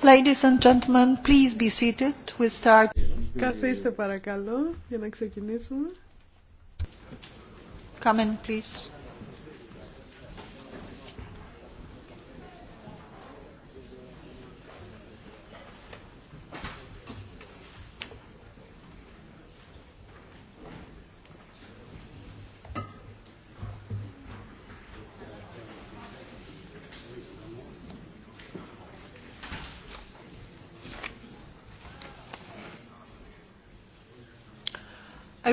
Ladies and gentlemen, please be seated. We start. Καθίστε παρακαλώ για να ξεκινήσουμε. Come in, please.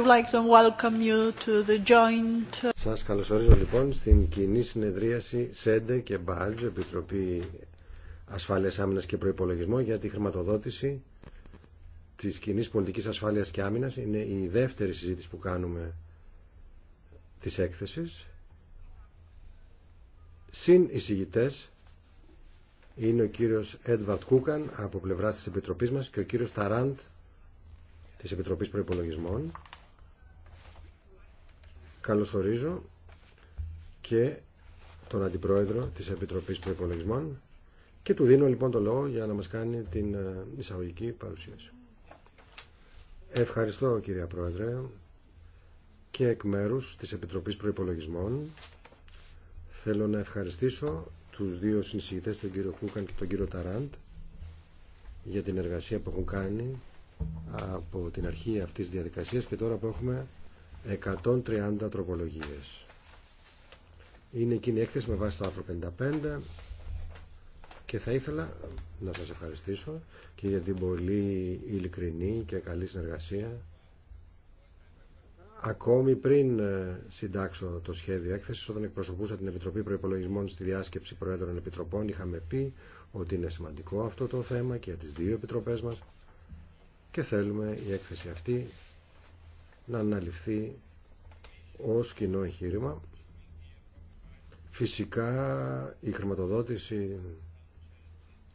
would like to welcome you to the joint... Uh, Σας καλωσορίζω λοιπόν στην κοινή συνεδρίαση ΣΕΝΤΕ και ΜΠΑΛΤΖ, Επιτροπή Ασφάλειας Άμυνας και Προϋπολογισμό για τη χρηματοδότηση της κοινή πολιτικής ασφάλειας και άμυνας. Είναι η δεύτερη συζήτηση που κάνουμε της έκθεσης. Συν εισηγητές είναι ο κύριος Έντβαρτ Κούκαν από πλευράς της Επιτροπής μας και ο κύριος Ταράντ της Επιτροπής Προϋπολογισμών Καλωσορίζω και τον Αντιπρόεδρο της Επιτροπής Προϋπολογισμών και του δίνω λοιπόν το λόγο για να μας κάνει την ε, εισαγωγική παρουσίαση. Ευχαριστώ κυρία Πρόεδρε και εκ μέρους της Επιτροπής Προϋπολογισμών θέλω να ευχαριστήσω τους δύο συνσηγητές, τον κύριο Κούκαν και τον κύριο Ταράντ για την εργασία που έχουν κάνει από την αρχή αυτής της διαδικασίας και τώρα που έχουμε 130 τροπολογίες. Είναι εκείνη η έκθεση με βάση το άρθρο 55 και θα ήθελα να σας ευχαριστήσω και για την πολύ ειλικρινή και καλή συνεργασία ακόμη πριν ε, συντάξω το σχέδιο έκθεσης όταν εκπροσωπούσα την Επιτροπή Προϋπολογισμών στη διάσκεψη Προέδρων Επιτροπών είχαμε πει ότι είναι σημαντικό αυτό το θέμα και για τις δύο επιτροπές μας και θέλουμε η έκθεση αυτή να αναλυφθεί ως κοινό εγχείρημα. Φυσικά η χρηματοδότηση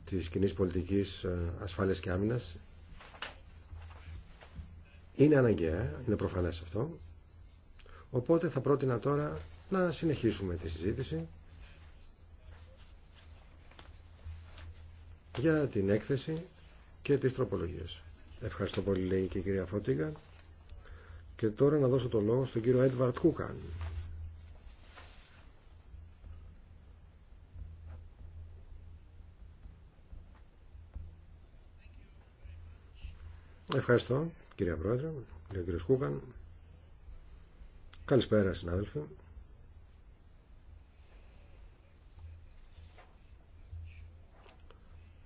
της κοινή πολιτικής ε, ασφάλειας και άμυνας είναι αναγκαία, είναι προφανές αυτό. Οπότε θα πρότεινα τώρα να συνεχίσουμε τη συζήτηση για την έκθεση και τις τροπολογίες. Ευχαριστώ πολύ λέει και η κυρία Φώτηγα. Και τώρα να δώσω το λόγο στον κύριο Έντβαρτ Κούκαν. Ευχαριστώ κυρία Πρόεδρε, κύριε κύριο Χούκαν. Καλησπέρα συνάδελφοι.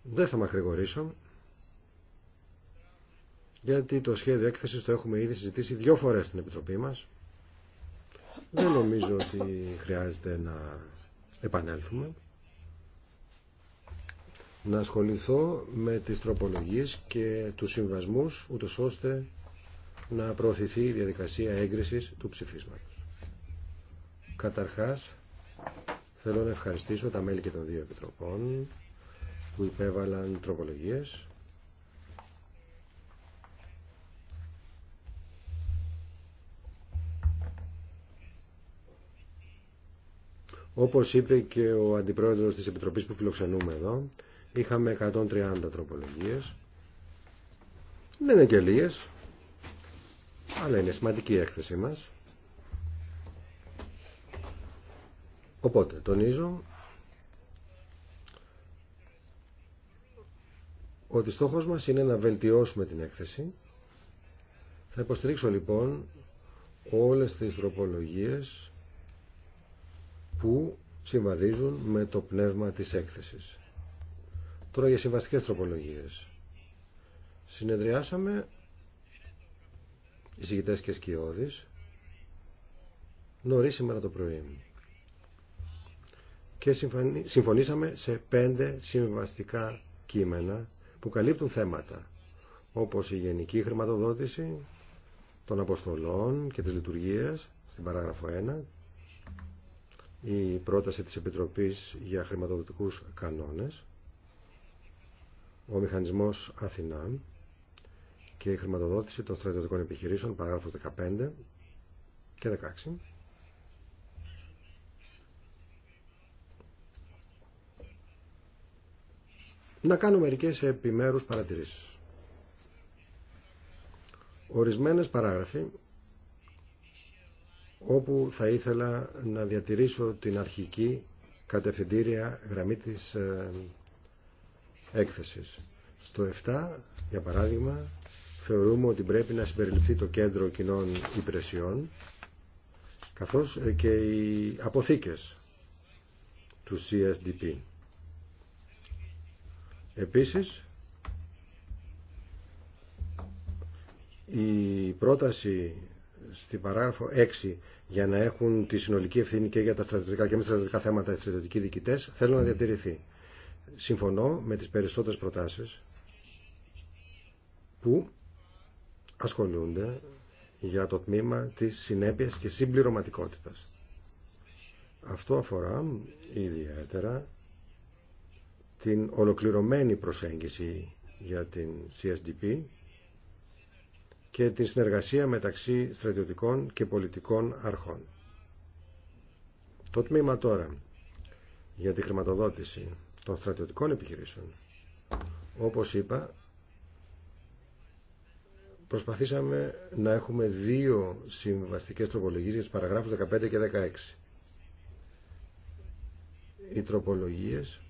Δεν θα με γιατί το σχέδιο έκθεσης το έχουμε ήδη συζητήσει δύο φορές στην Επιτροπή μας. Δεν νομίζω ότι χρειάζεται να επανέλθουμε. Να ασχοληθώ με τις τροπολογίες και τους συμβασμούς, ούτως ώστε να προωθηθεί η διαδικασία έγκρισης του ψηφίσματος. Καταρχάς, θέλω να ευχαριστήσω τα μέλη και των δύο επιτροπών που υπέβαλαν τροπολογίες Όπως είπε και ο αντιπρόεδρος της Επιτροπής που φιλοξενούμε εδώ, είχαμε 130 τροπολογίες. Δεν είναι ναι, και λίγες, αλλά είναι σημαντική η έκθεσή μας. Οπότε, τονίζω ότι στόχος μας είναι να βελτιώσουμε την έκθεση. Θα υποστηρίξω λοιπόν όλες τις τροπολογίες που συμβαδίζουν με το πνεύμα της έκθεσης. Τώρα για συμβαστικές τροπολογίες. Συνεδριάσαμε εισηγητές και σκιώδεις νωρίς σήμερα το πρωί και συμφωνήσαμε σε πέντε συμβαστικά κείμενα που καλύπτουν θέματα όπως η γενική χρηματοδότηση των αποστολών και της λειτουργίας στην παράγραφο 1 η πρόταση της Επιτροπής για χρηματοδοτικούς κανόνες, ο μηχανισμός Αθηνά και η χρηματοδότηση των στρατιωτικών επιχειρήσεων, παράγραφος 15 και 16. Να κάνω μερικές επιμέρους παρατηρήσεις. Ορισμένες παράγραφοι όπου θα ήθελα να διατηρήσω την αρχική κατευθυντήρια γραμμή της ε, έκθεσης. Στο 7, για παράδειγμα, θεωρούμε ότι πρέπει να συμπεριληφθεί το κέντρο κοινών υπηρεσιών καθώς ε, και οι αποθήκες του CSDP. Επίσης, η πρόταση στην παράγραφο 6 για να έχουν τη συνολική ευθύνη και για τα στρατιωτικά και μη στρατιωτικά θέματα οι στρατιωτικοί διοικητέ, θέλω να διατηρηθεί. Συμφωνώ με τι περισσότερε προτάσει που ασχολούνται για το τμήμα της συνέπειας και συμπληρωματικότητα. Αυτό αφορά ιδιαίτερα την ολοκληρωμένη προσέγγιση για την CSDP και την συνεργασία μεταξύ στρατιωτικών και πολιτικών αρχών. Το τμήμα τώρα για τη χρηματοδότηση των στρατιωτικών επιχειρήσεων. Όπως είπα, προσπαθήσαμε να έχουμε δύο συμβαστικές τροπολογίες για παραγράφους 15 και 16. Οι τροπολογίες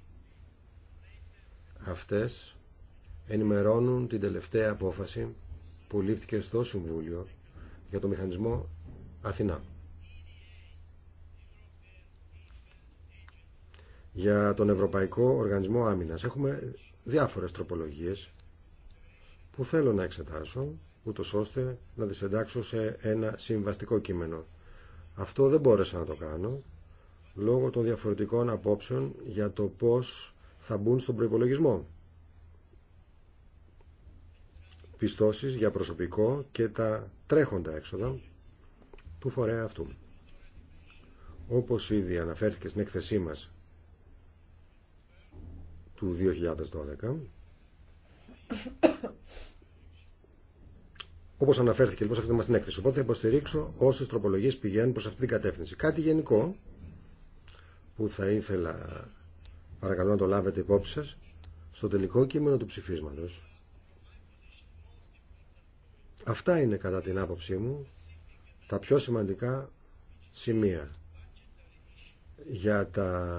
αυτές ενημερώνουν την τελευταία απόφαση που λήφθηκε στο Συμβούλιο για το μηχανισμό Αθηνά. Για τον Ευρωπαϊκό Οργανισμό Άμυνας έχουμε διάφορες τροπολογίες που θέλω να εξετάσω, ούτω ώστε να τις εντάξω σε ένα συμβαστικό κείμενο. Αυτό δεν μπόρεσα να το κάνω, λόγω των διαφορετικών απόψεων για το πώς θα μπουν στον προϋπολογισμό πιστώσεις για προσωπικό και τα τρέχοντα έξοδα του φορέα αυτού. Όπως ήδη αναφέρθηκε στην έκθεσή μας του 2012, όπως αναφέρθηκε λοιπόν σε αυτή την έκθεση. Οπότε θα υποστηρίξω όσες τροπολογίες πηγαίνουν προ αυτή την κατεύθυνση. Κάτι γενικό που θα ήθελα παρακαλώ να το λάβετε υπόψη σας στο τελικό κείμενο του ψηφίσματος Αυτά είναι κατά την άποψή μου τα πιο σημαντικά σημεία για τα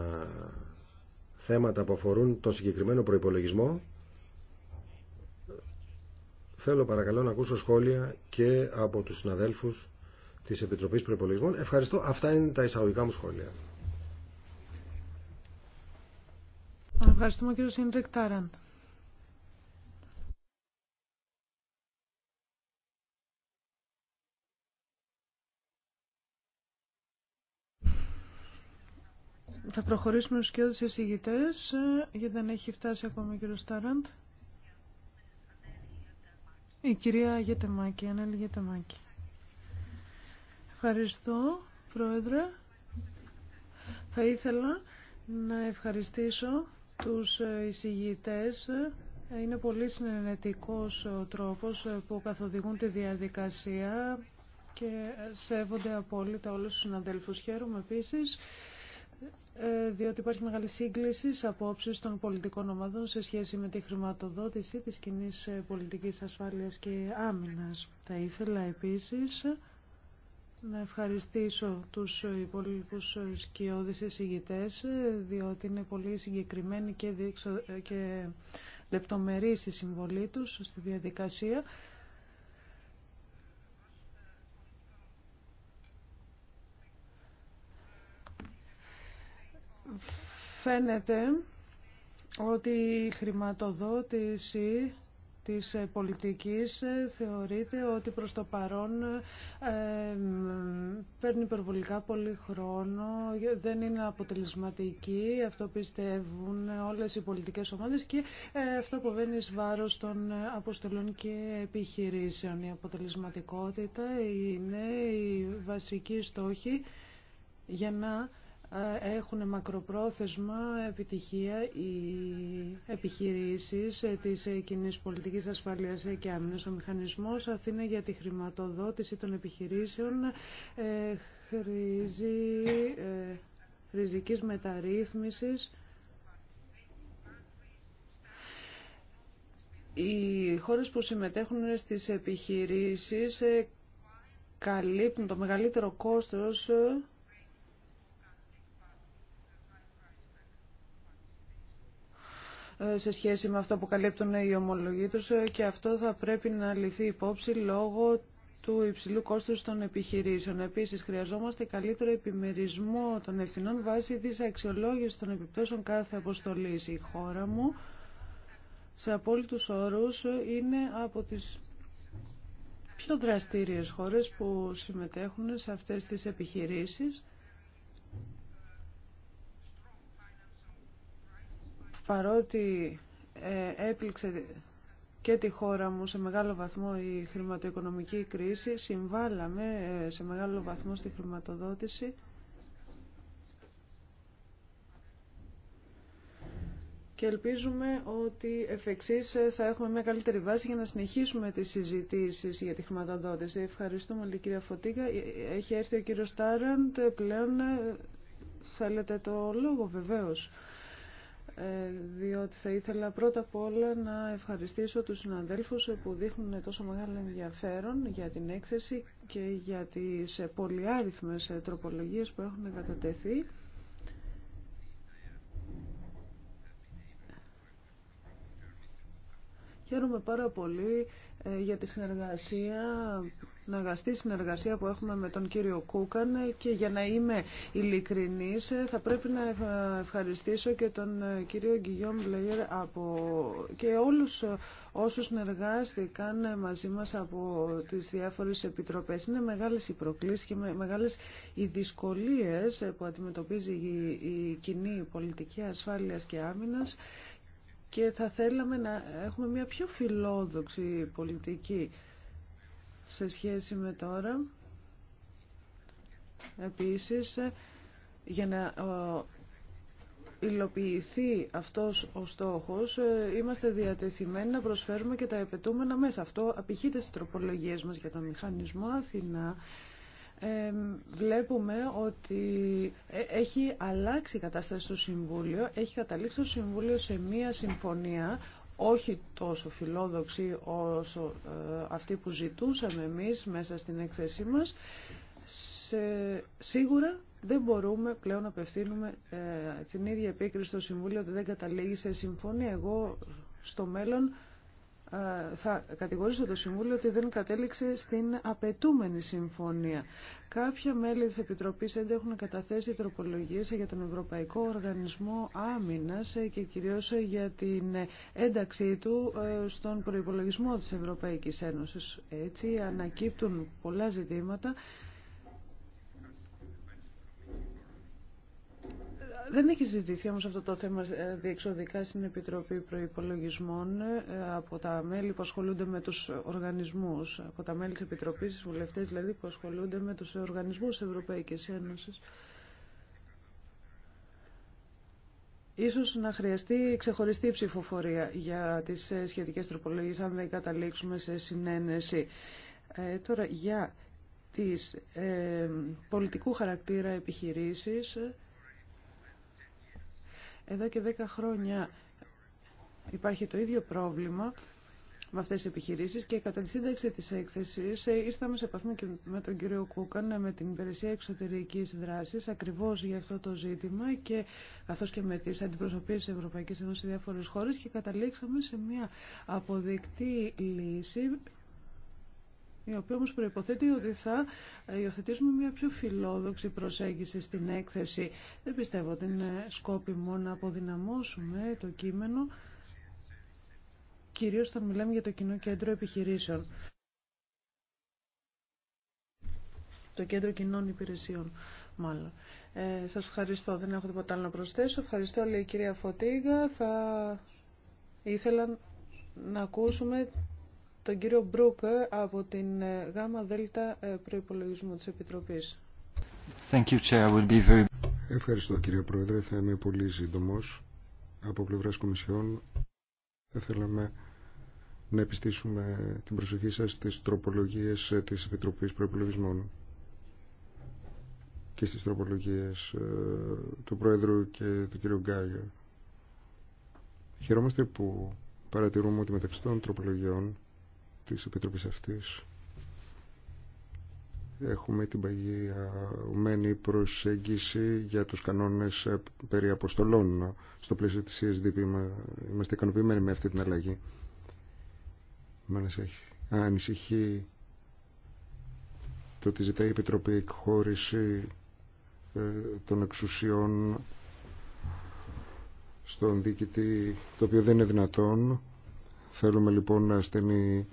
θέματα που αφορούν τον συγκεκριμένο προϋπολογισμό θέλω παρακαλώ να ακούσω σχόλια και από τους συναδέλφους της Επιτροπής Προϋπολογισμών ευχαριστώ, αυτά είναι τα εισαγωγικά μου σχόλια Ευχαριστούμε κύριο Τάραντ Θα προχωρήσουμε στους κοιόδους εισηγητές, ε, γιατί δεν έχει φτάσει ακόμα ο κύριος Τάραντ. Η κυρία Γετεμάκη, Ανέλη Γετεμάκη. Ευχαριστώ, Πρόεδρε. Θα ήθελα να ευχαριστήσω τους ε, εισηγητές. Ε, είναι πολύ συνενετικός ο τρόπος που καθοδηγούν τη διαδικασία και σέβονται απόλυτα όλους τους συναδέλφους. Χαίρομαι επίσης ε, διότι υπάρχει μεγάλη σύγκληση σε απόψεις των πολιτικών ομάδων σε σχέση με τη χρηματοδότηση της κοινή ε, πολιτικής ασφάλειας και άμυνας. Θα ήθελα επίσης να ευχαριστήσω τους ε, υπόλοιπους σκιώδεις εισηγητές, διότι είναι πολύ συγκεκριμένοι και, διεξο... και λεπτομερής η συμβολή τους στη διαδικασία. φαίνεται ότι η χρηματοδότηση της πολιτικής θεωρείται ότι προς το παρόν ε, παίρνει υπερβολικά πολύ χρόνο, δεν είναι αποτελεσματική, αυτό πιστεύουν όλες οι πολιτικές ομάδες και ε, αυτό που εις βάρος των αποστολών και επιχειρήσεων. Η αποτελεσματικότητα είναι η βασική στόχη για να έχουν μακροπρόθεσμα επιτυχία οι επιχειρήσεις της κοινή πολιτικής ασφαλείας και άμυνας. Ο μηχανισμός Αθήνα για τη χρηματοδότηση των επιχειρήσεων ε, χρήζει ε, ριζικής μεταρρύθμισης Οι χώρες που συμμετέχουν στις επιχειρήσεις ε, καλύπτουν το μεγαλύτερο κόστος σε σχέση με αυτό που καλύπτουν οι ομολογοί τους ε, και αυτό θα πρέπει να ληφθεί υπόψη λόγω του υψηλού κόστους των επιχειρήσεων. Επίσης, χρειαζόμαστε καλύτερο επιμερισμό των ευθυνών βάσει της αξιολόγησης των επιπτώσεων κάθε αποστολής. Η χώρα μου, σε απόλυτους όρους, είναι από τις πιο δραστήριες χώρες που συμμετέχουν σε αυτές τις επιχειρήσεις. παρότι ε, έπληξε και τη χώρα μου σε μεγάλο βαθμό η χρηματοοικονομική κρίση, συμβάλαμε ε, σε μεγάλο βαθμό στη χρηματοδότηση. Και ελπίζουμε ότι εφ' εξής ε, θα έχουμε μια καλύτερη βάση για να συνεχίσουμε τις συζητήσεις για τη χρηματοδότηση. Ευχαριστούμε πολύ κυρία Φωτίγκα. Έχει έρθει ο κύριος Τάραντ, πλέον θέλετε το λόγο βεβαίως. Ε, διότι θα ήθελα πρώτα απ' όλα να ευχαριστήσω τους συναδέλφους που δείχνουν τόσο μεγάλο ενδιαφέρον για την έκθεση και για τις πολυάριθμες ε, τροπολογίες που έχουν κατατεθεί. Χαίρομαι πάρα πολύ ε, για τη συνεργασία, την αγαστή συνεργασία που έχουμε με τον κύριο Κούκαν και για να είμαι ειλικρινής ε, θα πρέπει να ευχαριστήσω και τον ε, κύριο Γκυγιόμ Μπλεγερ από... και όλους όσους συνεργάστηκαν μαζί μας από τις διάφορες επιτροπές. Είναι μεγάλες οι προκλήσεις και μεγάλες οι δυσκολίες που αντιμετωπίζει η κοινή πολιτική ασφάλειας και άμυνας και θα θέλαμε να έχουμε μια πιο φιλόδοξη πολιτική σε σχέση με τώρα. Επίσης, για να υλοποιηθεί αυτός ο στόχος, είμαστε διατεθειμένοι να προσφέρουμε και τα επαιτούμενα μέσα. Αυτό απηχείται στις τροπολογίες μας για τον μηχανισμό Αθηνά. Ε, βλέπουμε ότι ε, έχει αλλάξει η κατάσταση στο Συμβούλιο, έχει καταλήξει το Συμβούλιο σε μία συμφωνία όχι τόσο φιλόδοξη όσο ε, αυτή που ζητούσαμε εμείς μέσα στην έκθεσή μας. Σίγουρα δεν μπορούμε πλέον να απευθύνουμε την ίδια επίκριση στο Συμβούλιο ότι δεν καταλήγει σε συμφωνία. Εγώ στο μέλλον ε, θα κατηγορήσω το Συμβούλιο ότι δεν κατέληξε στην απαιτούμενη συμφωνία. Κάποια μέλη της Επιτροπής δεν έχουν καταθέσει τροπολογίες για τον Ευρωπαϊκό Οργανισμό Άμυνας και κυρίως για την ένταξή του ε, στον προϋπολογισμό της Ευρωπαϊκής Ένωσης. Έτσι ανακύπτουν πολλά ζητήματα Δεν έχει ζητηθεί όμως αυτό το θέμα ε, διεξοδικά στην Επιτροπή Προϋπολογισμών ε, από τα μέλη που ασχολούνται με τους οργανισμούς, από τα μέλη της Επιτροπής, βουλευτές δηλαδή που ασχολούνται με τους οργανισμούς της Ευρωπαϊκής Ένωσης. Ίσως να χρειαστεί ξεχωριστή ψηφοφορία για τις ε, σχετικές τροπολογίες αν δεν καταλήξουμε σε συνένεση. Ε, τώρα για τις πολιτικού χαρακτήρα επιχειρήσεις εδώ και 10 χρόνια υπάρχει το ίδιο πρόβλημα με αυτές τις επιχειρήσεις και κατά τη σύνταξη της έκθεσης ήρθαμε σε επαφή με τον κύριο Κούκαν με την υπηρεσία εξωτερικής δράσης ακριβώς για αυτό το ζήτημα και καθώς και με τις αντιπροσωπείες της Ευρωπαϊκής Ένωσης σε διάφορες χώρες και καταλήξαμε σε μια αποδεκτή λύση η οποία όμως προϋποθέτει ότι θα ε, υιοθετήσουμε μια πιο φιλόδοξη προσέγγιση στην έκθεση. Δεν πιστεύω ότι είναι σκόπιμο να αποδυναμώσουμε το κείμενο, κυρίως θα μιλάμε για το κοινό κέντρο επιχειρήσεων. Το κέντρο κοινών υπηρεσιών, μάλλον. Ε, σας ευχαριστώ. Δεν έχω τίποτα άλλο να προσθέσω. Ευχαριστώ, λέει η κυρία Φωτίγα. Θα ήθελα να ακούσουμε τον κύριο Μπρούκ ε, από την ε, ΓΑΜΑ ΔΕΛΤΑ ε, προϋπολογισμού της Επιτροπής. Ευχαριστώ κύριε Πρόεδρε. Θα είμαι πολύ σύντομο Από πλευράς Κομισιόν θα θέλαμε να επιστήσουμε την προσοχή σας στις τροπολογίες της Επιτροπής Προϋπολογισμών και στις τροπολογίες του Πρόεδρου και του κύριου Γκάγερ. Χαιρόμαστε που παρατηρούμε ότι μεταξύ των τροπολογιών της Επιτροπής αυτής έχουμε την παγιωμένη προσέγγιση για τους κανόνες ε, περί αποστολών στο πλαίσιο της CSDP είμαστε ικανοποιημένοι με αυτή την αλλαγή Α, ανησυχεί το ότι ζητάει η Επιτροπή εκχώρηση ε, των εξουσιών στον διοικητή το οποίο δεν είναι δυνατόν θέλουμε λοιπόν να στενεί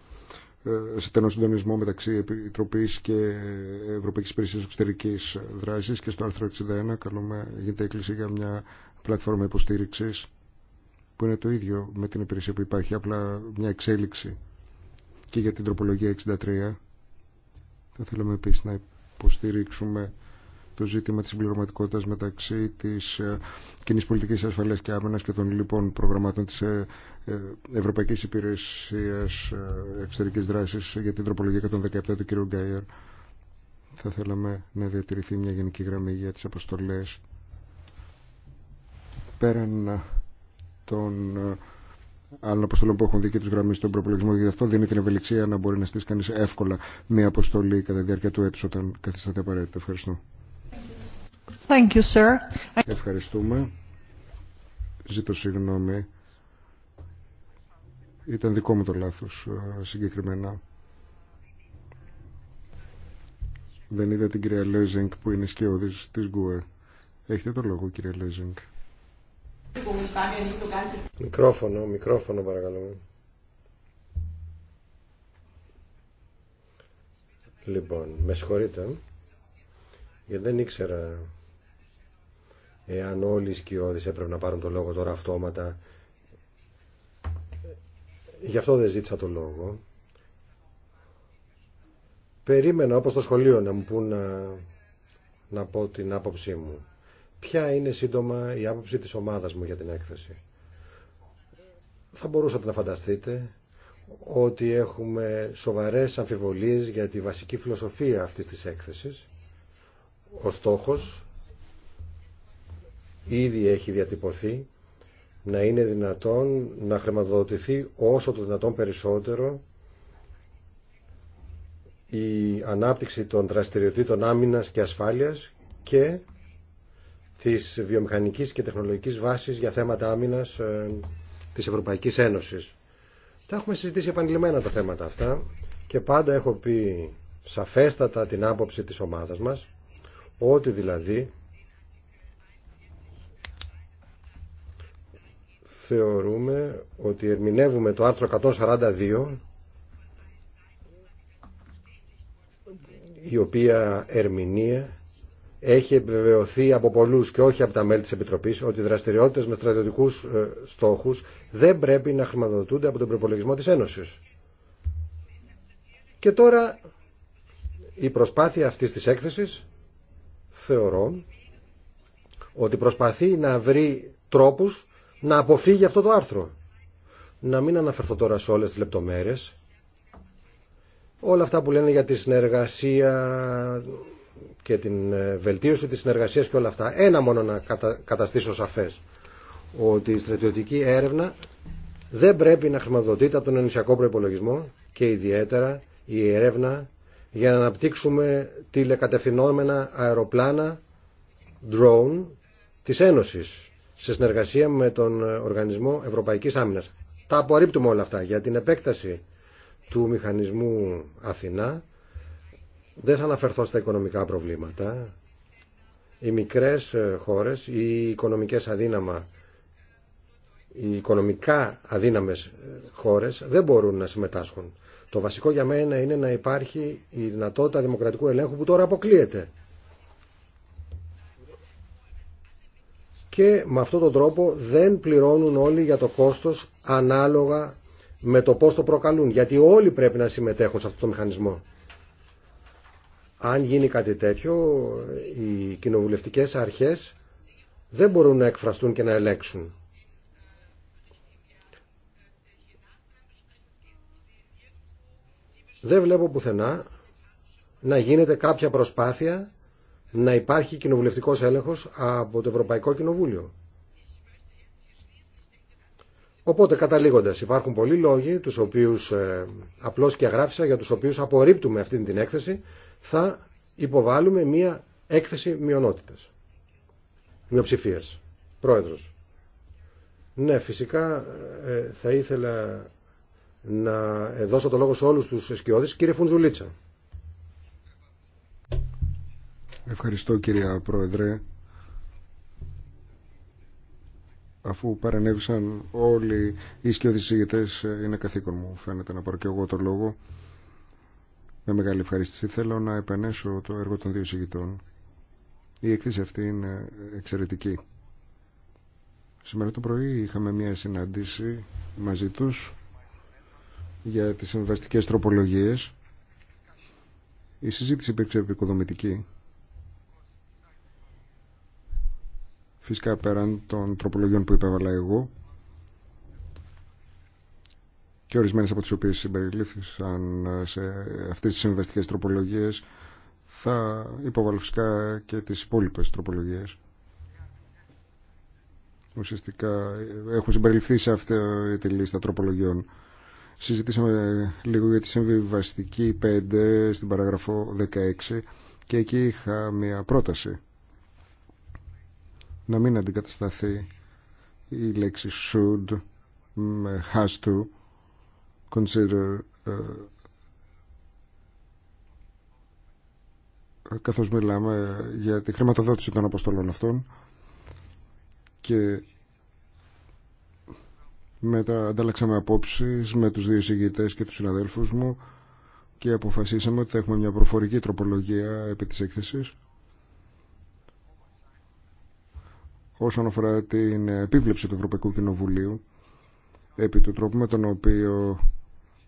τένο συντονισμό μεταξύ Επιτροπή και Ευρωπαϊκή Υπηρεσία Εξωτερική Δράση και στο άρθρο 61 καλούμε, γίνεται έκκληση για μια πλατφόρμα υποστήριξη που είναι το ίδιο με την υπηρεσία που υπάρχει, απλά μια εξέλιξη και για την τροπολογία 63. Θα θέλαμε επίση να υποστηρίξουμε το ζήτημα της συμπληρωματικότητας μεταξύ της ε, κοινή πολιτική ασφαλείας και άμυνας και των λοιπόν προγραμμάτων της ε, ε, Ευρωπαϊκής Υπηρεσίας Εξωτερικής Δράσης για την τροπολογία 117 του κ. Γκάιερ. Θα θέλαμε να διατηρηθεί μια γενική γραμμή για τις αποστολές πέραν των άλλων αποστολών που έχουν δει και του στον προπολογισμό. Γιατί αυτό δίνει την ευελιξία να μπορεί να στήσει κανεί εύκολα μια αποστολή κατά τη διάρκεια του έτου όταν καθίσταται απαραίτητο. Ευχαριστώ. Thank you, sir. Ευχαριστούμε. Ζήτω συγγνώμη. Ήταν δικό μου το λάθος ε, συγκεκριμένα. Δεν είδα την κυρία Λέζινγκ που είναι σκέωδης της ΓΚΟΕ. Έχετε το λόγο κυρία Λέζινγκ. Μικρόφωνο, μικρόφωνο παρακαλώ. Λοιπόν, με συγχωρείτε, ε, γιατί δεν ήξερα εάν όλοι οι σκιώδεις έπρεπε να πάρουν το λόγο τώρα αυτόματα. Γι' αυτό δεν ζήτησα το λόγο. Περίμενα όπως το σχολείο να μου πούν να, να πω την άποψή μου. Ποια είναι σύντομα η άποψη της ομάδας μου για την έκθεση. Θα μπορούσατε να φανταστείτε ότι έχουμε σοβαρές αμφιβολίες για τη βασική φιλοσοφία αυτής της έκθεσης. Ο στόχος ήδη έχει διατυπωθεί να είναι δυνατόν να χρηματοδοτηθεί όσο το δυνατόν περισσότερο η ανάπτυξη των δραστηριοτήτων άμυνας και ασφάλειας και της βιομηχανικής και τεχνολογικής βάσης για θέματα άμυνας ε, της Ευρωπαϊκής Ένωσης. Τα έχουμε συζητήσει επανειλημμένα τα θέματα αυτά και πάντα έχω πει σαφέστατα την άποψη της ομάδας μας ότι δηλαδή θεωρούμε ότι ερμηνεύουμε το άρθρο 142 η οποία ερμηνεία έχει επιβεβαιωθεί από πολλούς και όχι από τα μέλη της Επιτροπής ότι οι δραστηριότητες με στρατιωτικούς ε, στόχους δεν πρέπει να χρηματοδοτούνται από τον προπολογισμό της Ένωσης. Και τώρα η προσπάθεια αυτής της έκθεσης θεωρώ ότι προσπαθεί να βρει τρόπους να αποφύγει αυτό το άρθρο. Να μην αναφερθώ τώρα σε όλες τις λεπτομέρειες. Όλα αυτά που λένε για τη συνεργασία και την ε, βελτίωση της συνεργασίας και όλα αυτά. Ένα μόνο να καταστήσω σαφές. Ότι η στρατιωτική έρευνα δεν πρέπει να χρηματοδοτείται από τον ενησιακό προπολογισμό και ιδιαίτερα η έρευνα για να αναπτύξουμε τηλεκατευθυνόμενα αεροπλάνα drone της Ένωσης σε συνεργασία με τον Οργανισμό Ευρωπαϊκής Άμυνας. Τα απορρίπτουμε όλα αυτά για την επέκταση του μηχανισμού Αθηνά. Δεν θα αναφερθώ στα οικονομικά προβλήματα. Οι μικρές χώρες, οι οικονομικές αδύναμα, οι οικονομικά αδύναμες χώρες δεν μπορούν να συμμετάσχουν. Το βασικό για μένα είναι να υπάρχει η δυνατότητα δημοκρατικού ελέγχου που τώρα αποκλείεται. και με αυτόν τον τρόπο δεν πληρώνουν όλοι για το κόστος ανάλογα με το πώς το προκαλούν. Γιατί όλοι πρέπει να συμμετέχουν σε αυτό το μηχανισμό. Αν γίνει κάτι τέτοιο, οι κοινοβουλευτικές αρχές δεν μπορούν να εκφραστούν και να ελέγξουν. Δεν βλέπω πουθενά να γίνεται κάποια προσπάθεια να υπάρχει κοινοβουλευτικός έλεγχος από το Ευρωπαϊκό Κοινοβούλιο. Οπότε καταλήγοντας, υπάρχουν πολλοί λόγοι, τους οποίους ε, απλώς και αγράφησα, για τους οποίους απορρίπτουμε αυτή την έκθεση, θα υποβάλουμε μία έκθεση μειονότητας, μειοψηφίας. Πρόεδρος. Ναι, φυσικά ε, θα ήθελα να ε, δώσω το λόγο σε όλους τους σκιώδεις. Κύριε Φουνζουλίτσα. Ευχαριστώ κυρία Πρόεδρε. Αφού παρενέβησαν όλοι οι σκιώδεις είναι καθήκον μου φαίνεται να πάρω και εγώ το λόγο. Με μεγάλη ευχαρίστηση θέλω να επενέσω το έργο των δύο συγητών. Η εκθέση αυτή είναι εξαιρετική. Σήμερα το πρωί είχαμε μια συνάντηση μαζί τους για τις συμβαστικές τροπολογίες. Η συζήτηση υπήρξε επικοδομητική Φυσικά πέραν των τροπολογιών που υπέβαλα εγώ και ορισμένες από τις οποίες συμπεριλήφθησαν σε αυτές τις συμβαστικέ τροπολογίες θα υποβάλω φυσικά και τις υπόλοιπες τροπολογίες. Ουσιαστικά έχουν συμπεριληφθεί σε αυτή τη λίστα τροπολογιών. Συζητήσαμε λίγο για τη συμβιβαστική 5 στην παραγραφό 16 και εκεί είχα μια πρόταση να μην αντικατασταθεί η λέξη should με has to consider ε, καθώς μιλάμε για τη χρηματοδότηση των αποστολών αυτών και μετά ανταλλάξαμε απόψεις με τους δύο συγγητές και τους συναδέλφους μου και αποφασίσαμε ότι θα έχουμε μια προφορική τροπολογία επί της έκθεσης όσον αφορά την επίβλεψη του Ευρωπαϊκού Κοινοβουλίου επί του τρόπου με τον οποίο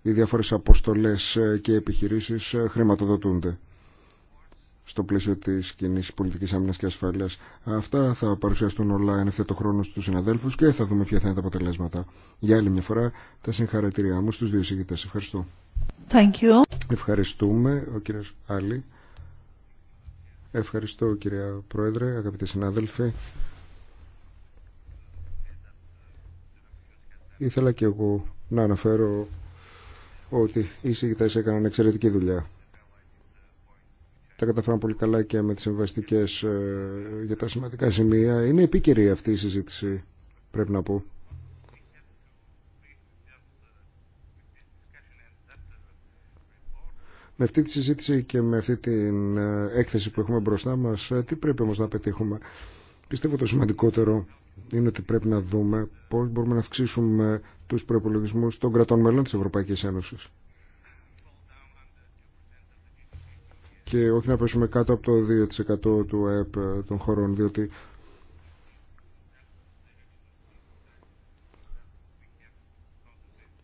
οι διάφορες αποστολές και επιχειρήσεις χρηματοδοτούνται στο πλαίσιο της κοινή πολιτικής άμυνας και ασφάλειας. Αυτά θα παρουσιαστούν όλα εν ευθέτω χρόνο στους συναδέλφους και θα δούμε ποια θα είναι τα αποτελέσματα. Για άλλη μια φορά τα συγχαρητήριά μου στους δύο εισηγητές. Ευχαριστώ. Thank you. Ευχαριστούμε ο κύριος Άλλη. Ευχαριστώ κυρία Πρόεδρε, αγαπητοί συνάδελφοι. Ήθελα και εγώ να αναφέρω ότι οι συγκεκριτές έκαναν εξαιρετική δουλειά. Τα καταφέραν πολύ καλά και με τις συμβαστικέ ε, για τα σημαντικά σημεία. Είναι επίκαιρη αυτή η συζήτηση, πρέπει να πω. Με αυτή τη συζήτηση και με αυτή την ε, έκθεση που έχουμε μπροστά μας, ε, τι πρέπει όμως να πετύχουμε. Πιστεύω το σημαντικότερο είναι ότι πρέπει να δούμε πώς μπορούμε να αυξήσουμε τους προπολογισμού των κρατών μελών τη Ευρωπαϊκής Ένωσης. Και όχι να πέσουμε κάτω από το 2% του ΕΕΠ ε, των χωρών, διότι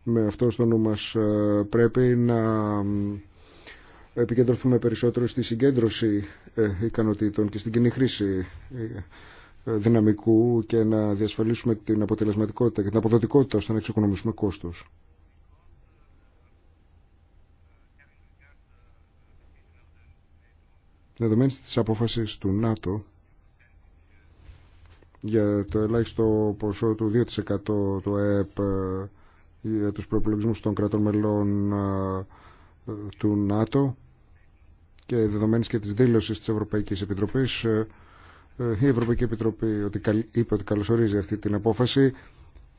με αυτό στο νου μας ε, πρέπει να επικεντρωθούμε περισσότερο στη συγκέντρωση ε, ικανοτήτων και στην κοινή χρήση δυναμικού και να διασφαλίσουμε την αποτελεσματικότητα και την αποδοτικότητα ώστε να εξοικονομήσουμε κόστος. Δεδομένης της απόφασης του ΝΑΤΟ για το ελάχιστο ποσό του 2% του ΕΕΠ ε, για τους προπολογισμούς των κρατών μελών ε, του ΝΑΤΟ και δεδομένης και της δήλωσης της Ευρωπαϊκής Επιτροπής ε, ε, η Ευρωπαϊκή Επιτροπή ότι είπε ότι καλωσορίζει αυτή την απόφαση.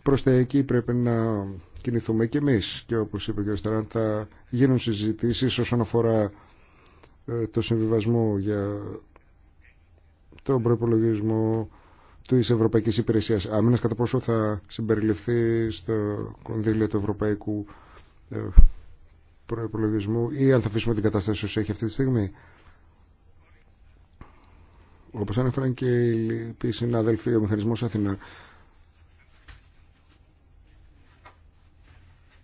Προς τα εκεί πρέπει να κινηθούμε και εμεί, και όπω είπε ο κ. Στεράν θα γίνουν συζητήσεις όσον αφορά ε, το συμβιβασμό για τον προπολογισμό τη Ευρωπαϊκή Υπηρεσία Άμυνα, κατά πόσο θα συμπεριληφθεί στο κονδύλιο του Ευρωπαϊκού ε, Προπολογισμού ή αν θα αφήσουμε την κατάσταση όσο έχει αυτή τη στιγμή. Όπως ανέφεραν και οι λοιποί συνάδελφοι, ο μηχανισμός Αθηνά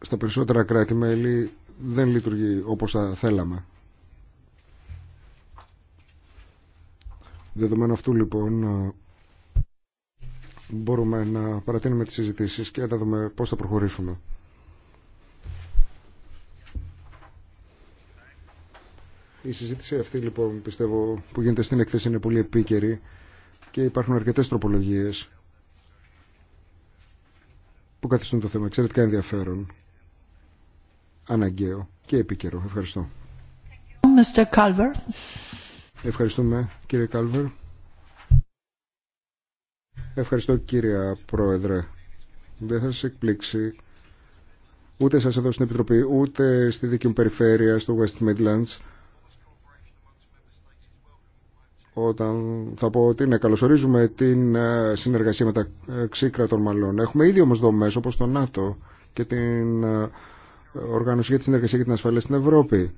στα περισσότερα κράτη-μέλη δεν λειτουργεί όπως θα θέλαμε. Δεδομένου αυτού λοιπόν μπορούμε να παρατείνουμε τις συζητήσεις και να δούμε πώς θα προχωρήσουμε. Η συζήτηση αυτή λοιπόν πιστεύω που γίνεται στην εκθέση είναι πολύ επίκαιρη και υπάρχουν αρκετέ τροπολογίε που καθιστούν το θέμα εξαιρετικά ενδιαφέρον, αναγκαίο και επίκαιρο. Ευχαριστώ. Mr. Ευχαριστούμε κύριε Κάλβερ. Ευχαριστώ κύριε Πρόεδρε. Δεν θα σας εκπλήξει ούτε σας εδώ στην Επιτροπή, ούτε στη δική μου περιφέρεια, στο West Midlands, όταν θα πω ότι ναι, καλωσορίζουμε την ε, συνεργασία μεταξύ ε, κρατών μαλλών. Έχουμε ήδη όμως δομές όπως το ΝΑΤΟ και την ε, Οργάνωση για τη Συνεργασία και την Ασφαλεία στην Ευρώπη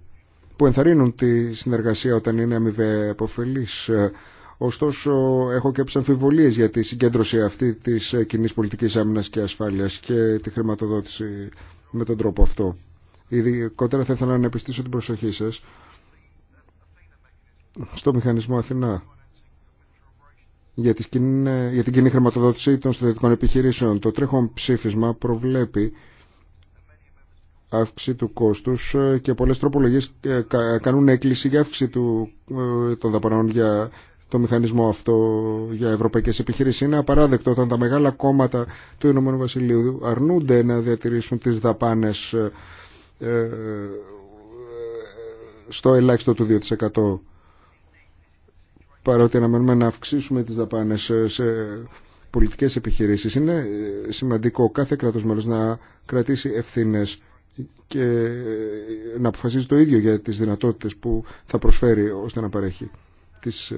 που ενθαρρύνουν τη συνεργασία όταν είναι αμοιβέ αποφελής. Ωστόσο, έχω και αμφιβολίες για τη συγκέντρωση αυτή της κοινή πολιτικής άμυνας και ασφάλειας και τη χρηματοδότηση με τον τρόπο αυτό. Ειδικότερα θα ήθελα να επιστήσω την προσοχή σας στο μηχανισμό Αθηνά για, για την κοινή χρηματοδότηση των στρατιωτικών επιχειρήσεων. Το τρέχον ψήφισμα προβλέπει αύξηση του κόστους ε, και πολλές τροπολογίες ε, κάνουν έκκληση για αύξηση του, ε, των δαπανών για το μηχανισμό αυτό για ευρωπαϊκές επιχειρήσεις. Είναι απαράδεκτο όταν τα μεγάλα κόμματα του Ηνωμένου Βασιλείου αρνούνται να διατηρήσουν τις δαπάνες στο ελάχιστο του 2% παρότι αναμένουμε να αυξήσουμε τις δαπάνες ε, σε πολιτικές επιχειρήσεις. Είναι ε, σημαντικό κάθε κράτος μέλος να κρατήσει ευθύνες και ε, να αποφασίζει το ίδιο για τις δυνατότητες που θα προσφέρει ώστε να παρέχει τις...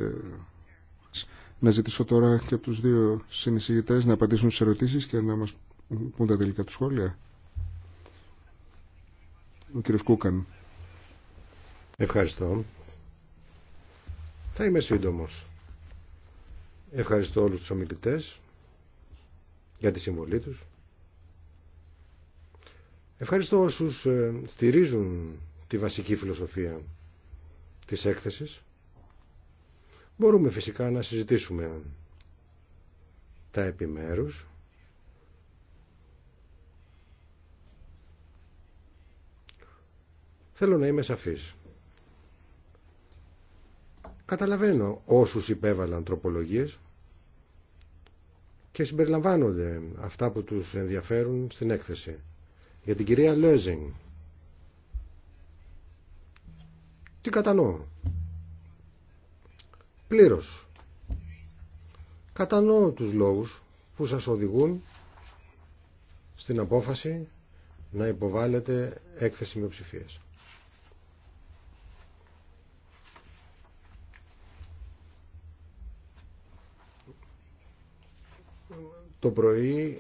Να ζητήσω τώρα και από τους δύο συνεισηγητές να απαντήσουν στις ερωτήσεις και να μας πούν τα τελικά του σχόλια. Ο κύριος Κούκαν. Ευχαριστώ. Θα είμαι σύντομος. Ευχαριστώ όλους τους ομιλητές για τη συμβολή τους. Ευχαριστώ όσους ε, στηρίζουν τη βασική φιλοσοφία της έκθεσης. Μπορούμε φυσικά να συζητήσουμε τα επιμέρους Θέλω να είμαι σαφής. Καταλαβαίνω όσους υπέβαλαν τροπολογίες και συμπεριλαμβάνονται αυτά που τους ενδιαφέρουν στην έκθεση. Για την κυρία Λέζινγκ. Τι κατανοώ. Πλήρως. Κατανοώ τους λόγους που σας οδηγούν στην απόφαση να υποβάλλετε έκθεση μειοψηφίας. Το πρωί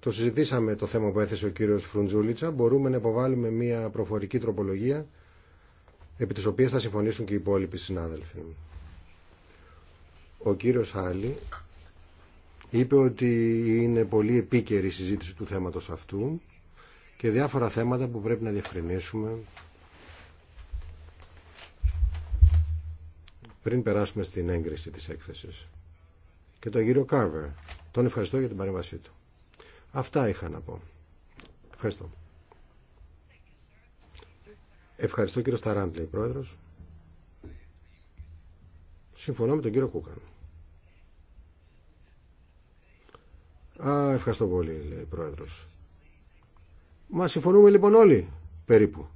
το συζητήσαμε το θέμα που έθεσε ο κύριος Φρουντζούλητσα. Μπορούμε να υποβάλουμε μια προφορική τροπολογία επί της οποίας θα συμφωνήσουν και οι υπόλοιποι συνάδελφοι. Ο κύριος Άλλη είπε ότι είναι πολύ επίκαιρη η συζήτηση του θέματος αυτού και διάφορα θέματα που πρέπει να διευκρινίσουμε πριν περάσουμε στην έγκριση της έκθεσης. Και τον κύριο Κάρβερ τον ευχαριστώ για την παρέμβασή του. Αυτά είχα να πω. Ευχαριστώ. Ευχαριστώ κύριο Σταράντ, λέει πρόεδρος. Συμφωνώ με τον κύριο Κούκαν. Α, ευχαριστώ πολύ, λέει πρόεδρος. Μα συμφωνούμε λοιπόν όλοι, περίπου.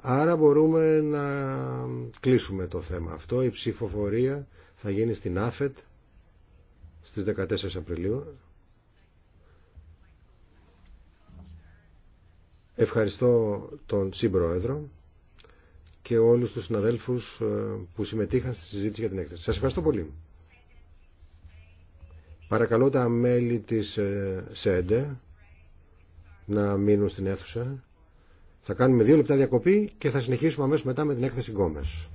Άρα μπορούμε να κλείσουμε το θέμα αυτό. Η ψηφοφορία θα γίνει στην ΑΦΕΤ στις 14 Απριλίου. Ευχαριστώ τον Σύμπροεδρο και όλους τους συναδέλφους ε, που συμμετείχαν στη συζήτηση για την έκθεση. Σας ευχαριστώ πολύ. Παρακαλώ τα μέλη της ε, ΣΕΝΤΕ να μείνουν στην αίθουσα. Θα κάνουμε δύο λεπτά διακοπή και θα συνεχίσουμε αμέσως μετά με την έκθεση Γκόμες.